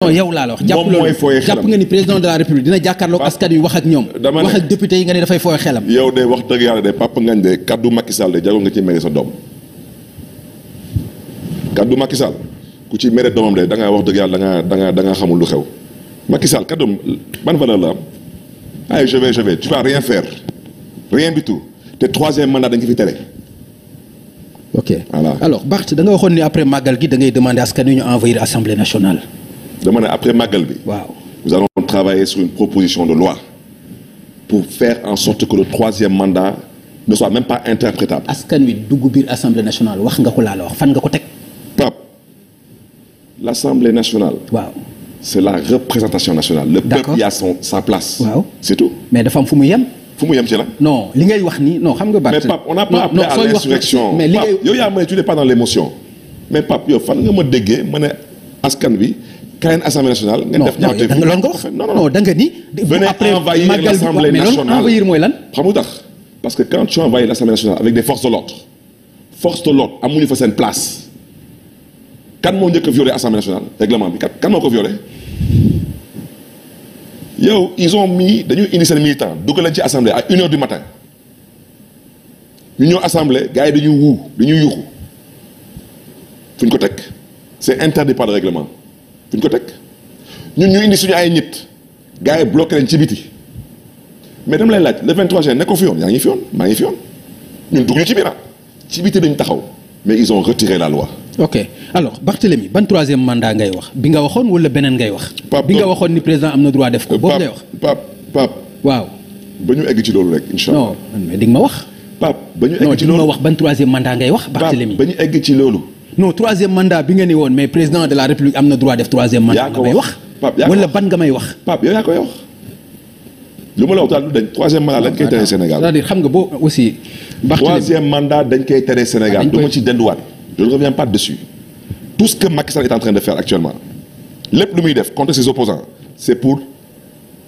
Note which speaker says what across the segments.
Speaker 1: non yow laa la wax jàpp loolu jàpp nga
Speaker 2: ni président de la république dina jàkkaarloog askan wi wax ak ñoom wax ak député yi nga ne dafay fooy xelam
Speaker 1: yow de wax dëgg yàlla de Papa Ngagne de kaddu Macky Sall kaddu Macky ku ci mere doomam de da wax dëgg yàlla da ngaa da ngaa da xamul lu xew Macky Sall kaddu ban valeur la am ay je vais tu vas rien faire rien du tout te troisième mandat dañ ko fi tere
Speaker 2: ok voilà alors Barth da nga waxoon ni après màggal gi da ngay demander askan wi ñu envoyer assemblée dama
Speaker 1: ne après màggal bi. waaw nous allons travailler sur une proposition de loi pour faire en sorte que le troisième mandat ne soit même pas interprétable.
Speaker 2: askan wi dugg biir assemblée nationale wax nga ko laal wax fan nga ko teg. Pape l'assemblée nationale. waaw
Speaker 1: c'est la représentation nationale. le peuple y a son sa place. waaw c'est mais dafa am fu mu yem. fu mu yem si la. non li ngay wax nii non xam nga. mais Pape n'a pas appelé à l'insurrection mais li ngay yow yaa ma ne tu n'es pas fan nga ma déggee ma ne askan bi. kaay assemblée nationale. ngeen def ñaawteef non loolu nga wax parce que quand tu envahis l' assemblée nationale fa seen place kan moo njëkk a violé assemblée nationale règlement bi kan moo ko violé yow ils ont mis dañuy indi seen militant dugg leen ci assemblée à une heure du matin ñu ñëw assemblée gars yi dañuy wuu dañuy yuuxu fu ñu ko teg c' est interdit par le règlement. duñ ko teg ñun ñu indi suñu ay nit gars yi bloqué leen ci biti mais dama lay laaj le 23 juin nekkoon fi yoon yaa ngi fi yoon maa ngi fi yoon ñun dugg ñu ci biira ci biti dañ taxaw mais ils ont retiré la loi.
Speaker 2: ok alors Barthélémy ban troisième mandat ngay wax bi nga waxoon wala beneen ngay wax. bi nga waxoon ni président am na droit def ko. boobu ngay wax Pape Pape waaw. ba ñu
Speaker 1: egg ci loolu rek incha allah
Speaker 2: non mais di wax. ba ñu egg nga ma wax ban troisième mandat ngay wax. Barthélémy Pape ba ñu egg ci loolu. non troisième mandat bi nga ni woon mais président de la république am na droit def troisième mandat. nga may wax wala ban nga may wax. Pape yaa koy wax. lu ma la wax daal du dañ troisième mandat
Speaker 1: dañ koy tere Sénégal. cest nga boo aussi. troisième mandat dañ koy tere Sénégal du ma ci denduwaat. je ne reviens pas dessus. tout ce que Macky Sall est en train de faire actuellement lépp lu muy def contre ses opposants c'est pour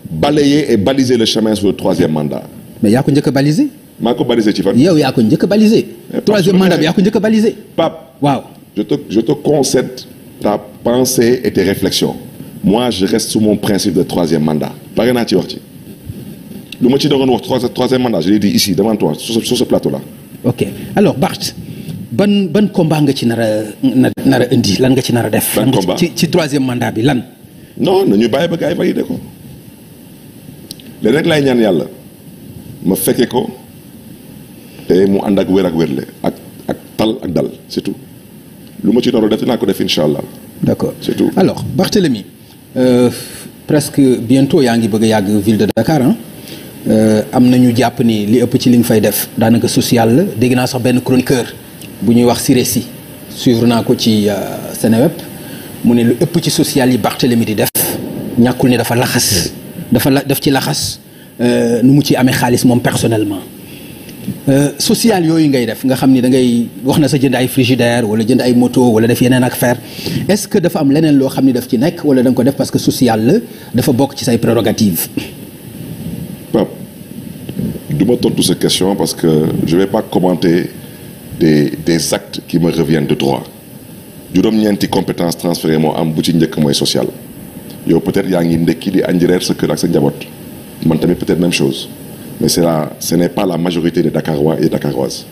Speaker 1: balayer et baliser le chemin sur le troisième mandat. mais yaa njëkk a baliser. maa ko baliser ci fan. yow yaa ko njëkk a baliser. troisième mandat bi yaa ko waaw. je te, je te concède ta pensée et tes réflexions moi je reste sous mon principe de troisième mandat pare naa ci wax ci lu ma ci doon wax trois troisième mandat je l'ai dit ici devant toi sur ce, sur ce plateau là.
Speaker 2: ok alors Barth ban ban combat nga ci nara a nar indi lan nga ci nar a def. ban combat ci ci troisième mandat bi lan. non nañu bàyyi ba gars yi validé ko léegi rek laay ñaan yàlla
Speaker 1: ma fekke ko te mu ànd ak wér ak wérle ak ak tal ak dal
Speaker 2: surtout. lu
Speaker 1: ma ci naroon def dinaa ko def incha allah. d' accord c'est tout
Speaker 2: alors Barthélémy euh, presque bientôt yaa ngi bëgg a yàgg ville de Dakar euh, am na ñu jàpp ni li ëpp ci li nga fay def daanaka social la dégg naa sax benn chroniqueur bu ñuy wax Siré Sy suivre naa ko ci euh, Seneweb mu ne lu ëpp ci social yi Barthélémy di def ñàkkul ne dafa laxas hmm. dafa la def ci laxas euh, nu mu ci amee xaalis moom personnellement. Euh, social yooyu ngay def nga xam ni da ngay wax na sa jënd ay frigidaire wala jënd ay moto wala def yeneen ak faire est-ce que dafa am leneen loo xam ni daf ci nekk wala da ko def parce que social la dafa bokk ci say prérogatives
Speaker 1: du ma tontu sa question parce que je vais pas commenter des des actes qui juróom-ñeenti compétence transférée moo am bu ci njëkk mooy social yow peut-être yaa ngi ndekki di añ reer sa kër ak sa njaboot man tamit peut-être même chose mais la, ce n'est pas la majorité des Dakarois et Dakaroises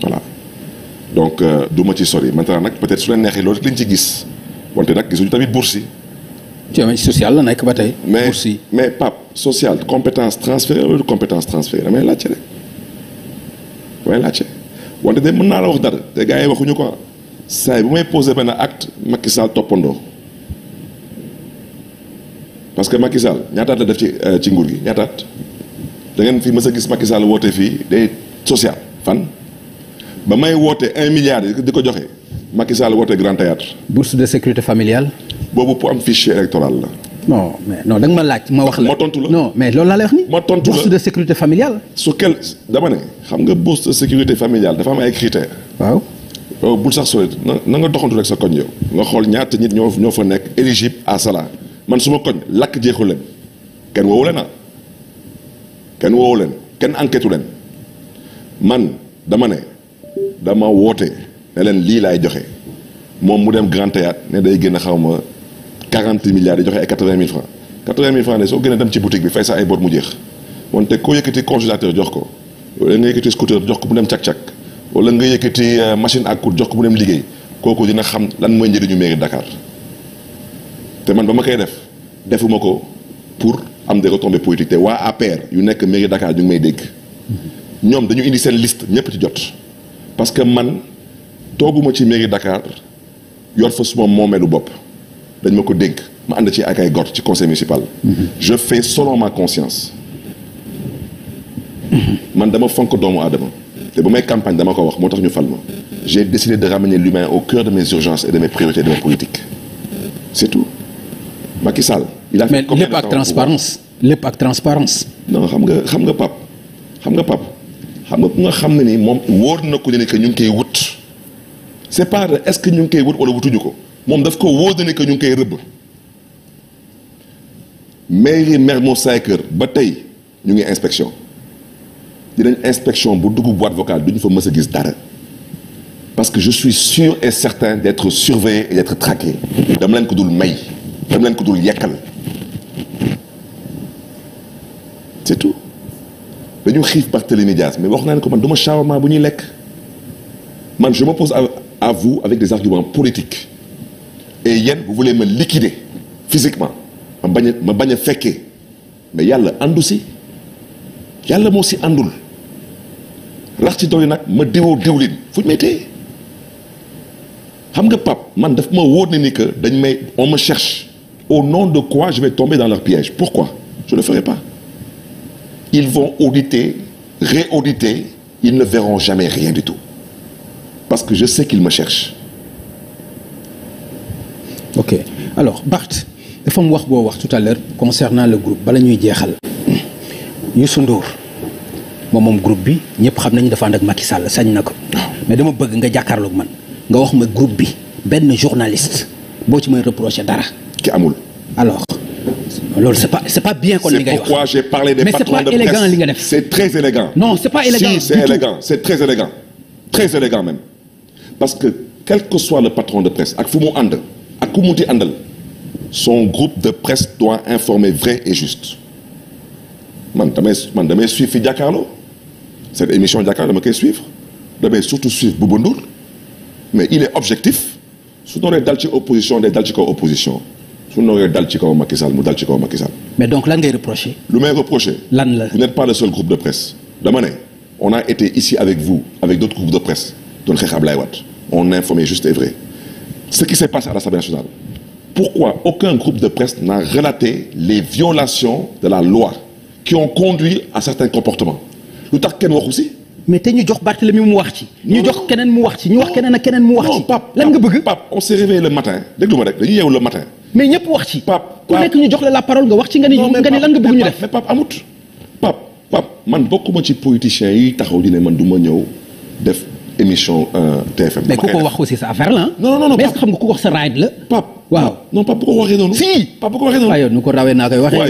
Speaker 1: voilà donc euh, du ma ci sori maintenant nag peut-être su leen neexee loolu rek lañ ci gis wante nag gisuñu tamit bourse si social la nekk ba tey. bourse yi mais mais social compétence transférée wala compétence transférée damay laajte rek damay wante de mën naa la wax dara te gars yi waxuñu quoi saa yi bu may posé benn acte Macky Sall toppandoo. parce que Macky Sall ñaataat la def ci euh, ci nguur gi ñaataat da ngeen fii mës a gis Macky Sall woote fii day social fan ba may woote un milliard di ko joxe Macky Sall woote Grand Théâtre bourse de sécurité familiale. boobu pour am fichier électoral la.
Speaker 2: non mais non da
Speaker 1: nga ma laaj ma wax la. tontu la
Speaker 2: non mais loolu laa lay wax nii. ma tontu de sécurité
Speaker 1: familiale. su kel dama ne xam nga bourse de sécurité familiale dafa am ay critères. waaw. bul sax sori na nga doxantu rek sa koñ yow nga xool ñaata nit ñoo ñoo fa nekk éligible à man s ma lakk jeexu leen kenn kenn woowu leen kenn enquête leen man dama ne dama woote ne leen lii laay joxe moom mu dem Grand Théâtre ne day génn xaw ma 40 milliards di joxe ay 80 000 francs 80 000 francs ne soo génnee dem ci boutique bi fay sa ay bor mu jeex wante koo yëkkati congélateur jox ko wala nga yëkkati scooter jox ko mu dem cak-cak wala nga yëkkati euh, machine à coudre jox ko mu dem liggéey kooku dina xam lan mooy njëriñu mairie Dakar te man ba ma koy def defuma ko. pour am des retombées politiques te waa APR yu nekk mairie dakaar ñu ngi may dégg ñoom dañu indi seen liste ñëpp di jot parce que man tooguma ci mairie dakaar yor fa suma moomeelu bopp dañ ma ko dégg ma ànd ci ak ay gor ci conseil municipal. Mhm. je fais selon ma conscience. man dama fonk doomu aadama. te bu may campagne dama ko wax moo tax ñu fal ma. j'ai décidé de ramener l'humain au cœur de mes urgences et de mes priorités et de mes politiques c'est tout Macky Sall. il a fait mais lépp ak transparence
Speaker 2: lépp ak transparence non xam nga xam nga pap
Speaker 1: xam nga pap xam nga ku nga xam ne ni moom wóor na ko ne que ñu ngi koy wut c'est par est-ce que ñu ngi koy wut wala wutuñu ko moom daf ko wóor na ne que ñu ngi koy rëbb mairie Mermoz Sacré-Cœur ba tey ñu ngi inspection dinañ inspection bu dugg boîte vocale duñu fa mës a gis dara parce que je suis sûr et certain d'être surveillé et d'être traqué dama leen ko dul may dama leen ko dul yekkal c'est tout dañu xiif Barthélémy Dias mais wax naa ne ko man du ma bu ñuy lekk man je m'oppose à vous avec des arguments politiques et yéen vous voulez me liquider physiquement ma bañ a ma bañ a fekkee ma yàlla àndu si yàlla moo si àndul rax ci dolli nag ma diwoo diwlin fu ñu may téye xam nga pap man daf ma wóor ne ni que dañ may on me cherche au nom de quoi je vais tomber dans leur piège pourquoi je ne le pas Ils von auditer, réauditer, ils ne verront jamais rien du tout. Parce que je sais qu'ils me cherchent.
Speaker 2: Ok alors Bart dafa am wax boo wax tout à l'heure concernant le groupe bala ñuy jeexal Youssou Ndour moom moom groupe bi ñëpp xam nañu dafa ànd ak Macky Sall sañ na ko. mais dama bëgg nga jàkkaarlook man nga wax ma groupe bi benn journaliste boo ci may reprocher dara. ki amul loolu c'est pas c'est pas bien kon li très élégant.
Speaker 1: très élégant même parce que quel que soit le patron de presse ak fu mu ànd ak ku mu di àndal son groupe de presse doit informer vrai et juste man damay man damay suivre fi jàkkaarloo cette émission jàkkaarloo dama que suivre damay surtout suivre Bouba mais il est objectif su doonee dal ci opposition day dal ci kaw opposition. su noogee dal ci kaw Macky Sall mu dal ci kaw Macky Sall.
Speaker 2: mais donc lan ngay reproché.
Speaker 1: lu may reproché. lan la vous n'êtes pas le seul groupe de presse. dama ne on a été ici avec vous avec d'autres groupes de presse doon xeex Ablaye Wade on informait juste et vrai ce qui s'est passé à l'Assemblée nationale. pourquoi aucun groupe de presse n'a relaté les violations de la loi qui ont conduit à certains comportements lu tax kenn waxu si. mais te ñu jox Barthélemy mu wax ci. ñu jox keneen mu wax ci ñu wax keneen ak keneen mu wax ci. lan nga bëgg. mais ñëpp wax ci. Pape
Speaker 2: ku nekk ñu nga wax ci nga ni nga nga bëgg ñu mais Pape amut
Speaker 1: Pape Pape yi taxaw di man du ma ñëw def émission euh, TFM. mais ku ko wax
Speaker 2: aussi sa affaire la mais xam nga ku ko mais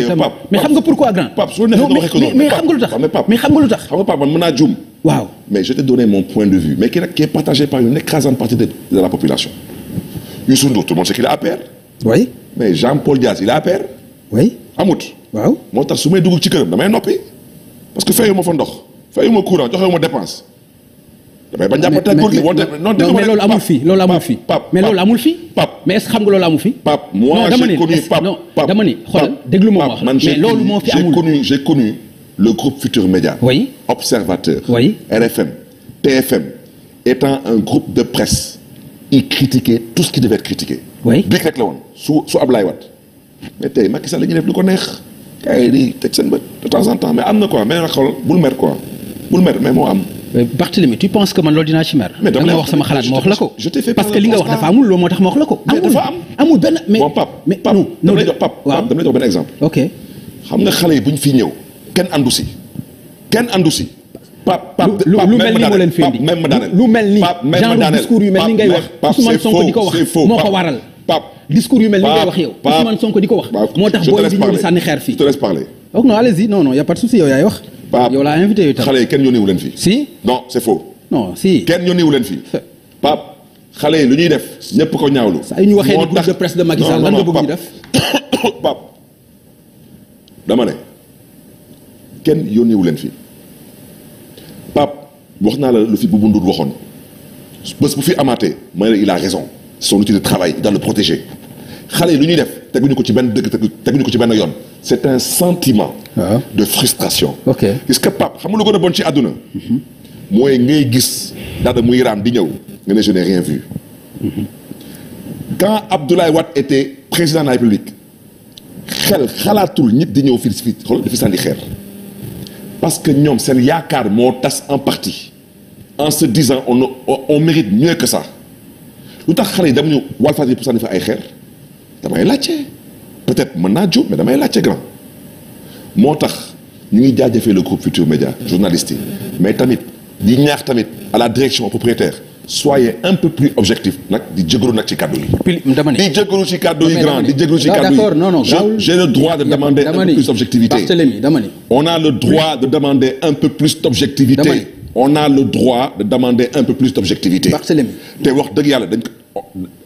Speaker 2: xam nga pourquoi grand. Pape su nga waxee ko mais xam nga lu tax
Speaker 1: mais xam nga lu tax. xam nga Pape man mën naa juum waaw mais je t'ai donné mon point de vue mais qui est partagé par une écrasante partie de la population. Youssou Ndour tout le monde sait qu'il est mais Jean-Paul Dias il est APR. oui amut. waaw moo tax su may dugg ci këram damay noppi parce que fayu ma fa ndox fayu ma courant joxewu ma dépense. damay bañ jàpp tey góor gi wante non dégg nga mais loolu amul
Speaker 2: fii loolu amul fii. mais mais est-ce que xam nga loolu amul fii. Pape moi j'ai
Speaker 1: connu j'ai connu. le groupe Futur Média. Oui. Observateur. Oui. RFM, TFM, étant un groupe de presse, il critiquait tout ce qui devait être critiqué. Oui. bii rek la woon su su Ablaye mais tey Macky Sall la ñuy def lu ko neex. gars yi di teg seen bët de temps en temps mais am na quoi mais nag xool bul
Speaker 2: quoi bul mais moo am. Euh, Barthélemy tu penses que man loolu dinaa parce que li nga wax dafa amul loolu moo tax ma la ko. amul amul benn mais bon Pape. mais non
Speaker 1: non exemple. ok xam nga xale yi bu ñu fi ñëw. kenn andu si kenn andu si. pap pap lu mel nii moo leen fi indi lu mel nii genre discours yu mel ni ngay wax Ousmane Sonko di ko wax moo ko
Speaker 2: waral. pap discours yu mel ni ngay wax yow Ousmane Sonko di ko wax. moo tax booy di ñëw di sànni xeer fii. je te laisse parler. yi
Speaker 1: kenn yónneewu leen fii. si non c'est faux. non si kenn yónneewu leen fii. pap xale yi lu ñuy def ñëpp ko ñaawlu. saa yu ñu waxee ni groupe de presse de Macky Sall lan nga bëgg ñu def. pap kenn yónneewu leen fi Pape wax naa la lu fi Boubou Ndour waxoon bés bu fi amaatee ma ne la il a raison son outil de travail il doit le xale yi lu ñuy def teguñu ko ci benn dëgg teguñu ko ci benn yoon c'est un sentiment ah. de frustration ok est-ce que Pape xam nga lu gën a bon ci àdduna mooy ngay gis da muy raam di ñëw nga ne je n'ai rien vu quand Abdoulaye Wade était président de la République xel xalaatul ñit di ñëw fii fii xool dafi sànni xeer parce que ñoom seen yaakaar moo tas en partie en se disant on on mérite mieux que ça lu tax xale yi dem ñu Walfadjri pour sànni fa ay xeer damay laajte peut-être mën naa jóg mais damay laajte grand moo tax ñu ngi jaajëfee le groupe Futurs Médias journalistes mais tamit di ñaax tamit à la direction propriétaire soyez un peu plus objectif nag di jégalu nag ci kàddu yi. dama ne di jégalu ci kàddu yi grand di jégalu ci kàddu yi non non j'ai le droit de demander un peu plus d'objectivité on a le droit de demander un peu plus d'objectivité on a le droit de demander un peu plus d'objectivité te wax dëgg yàlla dañ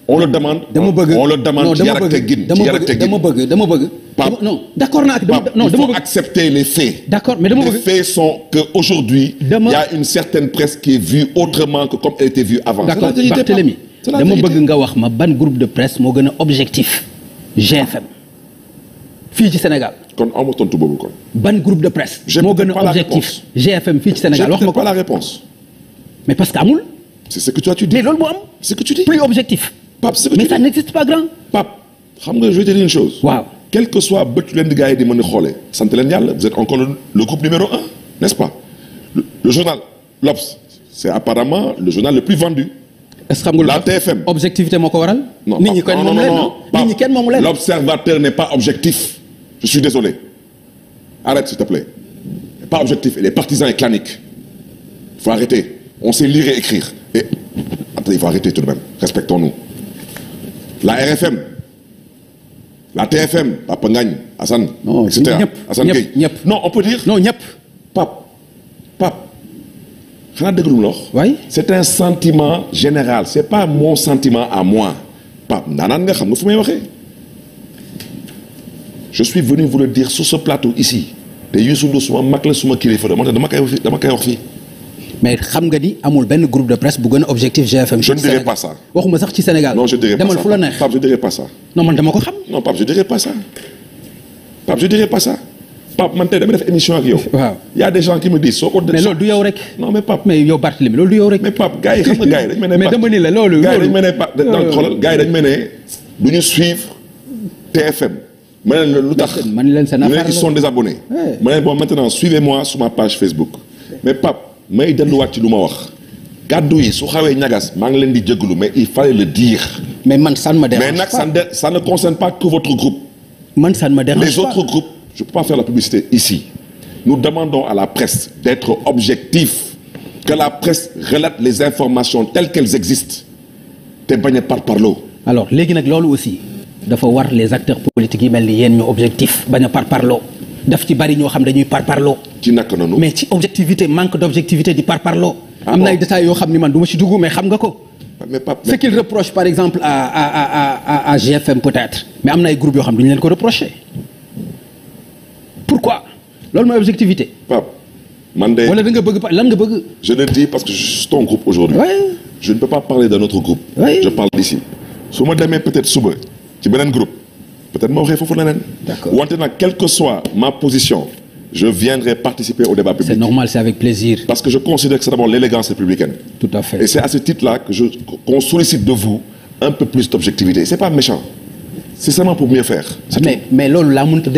Speaker 1: on le demande. dama bëgg on le demande. ci yar ak teggin dama bëgg dama bëgg dama bëgg. Pape non d' accord naa ak non dama bëgg il faut accepter les faits. d' accord mais dama bëgg les faits sont que aujourd'hui il y a une certaine presse qui est vue autrement que comme elle était vue avant. d' accord Barthélémy dama bëgg
Speaker 2: nga wax ma ban groupe de presse moo gën a objectif GFM fii ci Sénégal. kon aw ma tontu boobu kon. ban groupe de presse. moo gën a objectif
Speaker 1: GFM fii ci Sénégal wax ma ko. pas la réponse mais parce que amul. c'est ce que toi tu dis. mais loolu moo am. ce que tu dis plus objectif. Pape ce que mais tu dis mais ça n'existe pas grand. Pape xam nga je vais te dire une chose. waaw quel que soit bët leen di gars yi di mën a xoolee. sant leen yàlla vous êtes encore le groupe numéro un n'est-ce pas le, le journal L'Obs c'est apparemment le journal le plus vendu. est-ce que xam nga la TFM objectivité moo ko waral. non nit ñi kenn ah, moomu leen non nit ñi kenn moomu leen. l'observateur n'est pas objectif. je suis désolé arrête s'il te plaît. pas objectif il est partisan et clanique. faut arrêter on sait lire et écrire. il faut arrêter tout de même. Respectons-nous. La RFM, la TFM, la Pengagne, Hassan, non, etc. Niep, Hassan niep, niep. Non, on peut dire. Non, Niep. Pape. Pape. Oui. C'est un sentiment général. Ce n'est pas mon sentiment à moi. Pape, je suis venu vous le dire sur ce plateau ici. Et Youssou Ndour suma mag la suma kilifa la moo tax dama
Speaker 2: koy dama mais xam nga ni amul benn groupe de presse bu gën objectif GFM. je ne dirai
Speaker 1: sax ci Sénégal. non je dirai pas je dirai pas
Speaker 2: non man dama ko xam.
Speaker 1: non Pape je dirai pas ça Pape je émission ak yow. waaw y a des gens qui me disent soo ko. mais loolu du rek. non mais Pape mais yow Barthélémy loolu du yow rek. mais Pape gars yi xam nga gars yi dañu mel ne. mais dama ni la loolu. gars yi dañu mel ne Pape donc euh. xoolal gars yi dañu mel ne du ñu suivre TFM. ma ne leen lu tax ma ne leen seen affaire la ñu ne qui sont désabonnés. may delluwaat ci lu ma wax kàddu yi su xawee ñagas maa ngi leen di jéglu mais il fallait le dire. mais man san ma me dérange mais nag ça ne ça ne concerne pas que votre groupe.
Speaker 2: man ça ne me dérange pas les autres
Speaker 1: groupes je peux pas faire la publicité ici. nous demandons à la presse d'être objectif que la presse relate les informations telles qu'elles existent
Speaker 2: te bañ par parlo alors léegi nag loolu aussi dafa war les acteurs politiques yi mel ni yéen ñu objectif bañ par parlo def ci bari ñoo xam dañuy parparloo. ci naka noonu mais ci objectivité manque d' objectivité di parparloo. Ah am na ay détails yoo xam ni man du ma ci dugg mais xam nga ko. Ah, mais ce qu'il reproche par exemple à à à à à GFM peut-être mais am na ay groupes yoo xam du ñu leen ko reprocher pourquoi loolu mooy objectivité. Pape
Speaker 1: man de wala da nga bëgg lan nga bëgg. je le dis parce que je suis ton groupe aujourd'hui oui. je ne peux pas parler d'un autre groupe. Oui. je parle d'ici su ma demee peut-être suba ci beneen groupe. peut-être ma waxee foofu leneen. d'accord wante nag quelle que soit ma position. je au débat public. C'est normal, c'est avec Parce que je considère que c'est d'abord l'élégance républicaine. Tout à fait. Et c'est à ce titre-là que je qu'on de vous un peu plus d'objectivité. C'est pas méchant. C'est seulement pour mieux faire. mais tout.
Speaker 2: mais loolu laa mënut a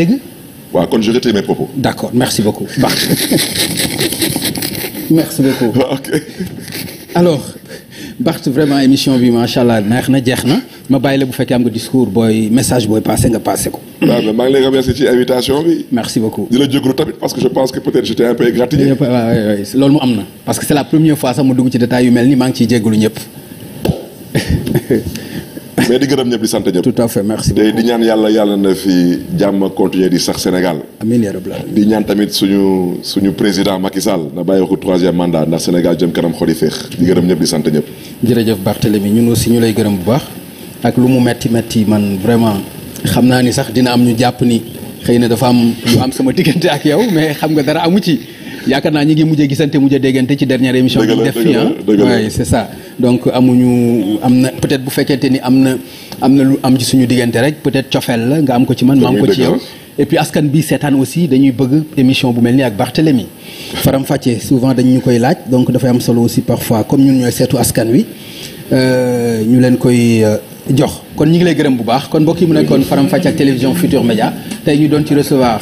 Speaker 2: waaw kon je retire mes propos. D'accord, merci beaucoup. merci beaucoup. Alors. Barth vraiment émission bi macha allah neex na jeex na ma bàyyi la bu fekkee am nga discours booy message booy passé nga passé ko. waaw mais maa ngi lay remercier ci invitation bi. merci beaucoup di la jégalu tamit parce que je pense que peut-être j'étais un peu égratigné. waaw na. parce que c'est la première fois sax mu dugg ci détail yu mel ni maa
Speaker 1: gërëm ñëpp di sant ñëpp. tout merci di ñaan yàlla yàlla na fi jàmm continuer di sax Sénégal.
Speaker 2: amiin yaa rabbal
Speaker 1: di ñaan tamit suñu suñu président Macky
Speaker 2: Sall na bàyyi ko troisième mandat ndax Sénégal jëm kanam xol yi féex di gërëm ñëpp sant ñëpp. jërëjëf ñu ñun aussi ñu lay gërëm bu baax ak lu mu metti metti man vraiment xam naa ni sax dina am ñu jàpp ni xëy na dafa am lu am sama diggante ak yow mais xam nga dara amu ci yaakaar naa ñu ngi mujj a gisante mujj a déggante ci dernière émission bi def fi ah waaye c'est ça donc amuñu am na peut bu fekkente ni am na am na lu am ci suñu diggante rek peut-être cofeel la nga am ko ci man ma am ko ci yow et askan bi seetaan aussi dañuy bëgg émission bu mel nii ak Barthélémy faram fàccee souvent dañ ñu koy laaj donc dafay am solo aussi parfois comme ñun ñooy seetu askan wi euh, ñu leen koy euh, jox kon ñu ngi lay gërëm bu baax kon mbokk yi mu nekkoon faram fàcce ak télévision Futur Média tey ñu doon ci recevoir.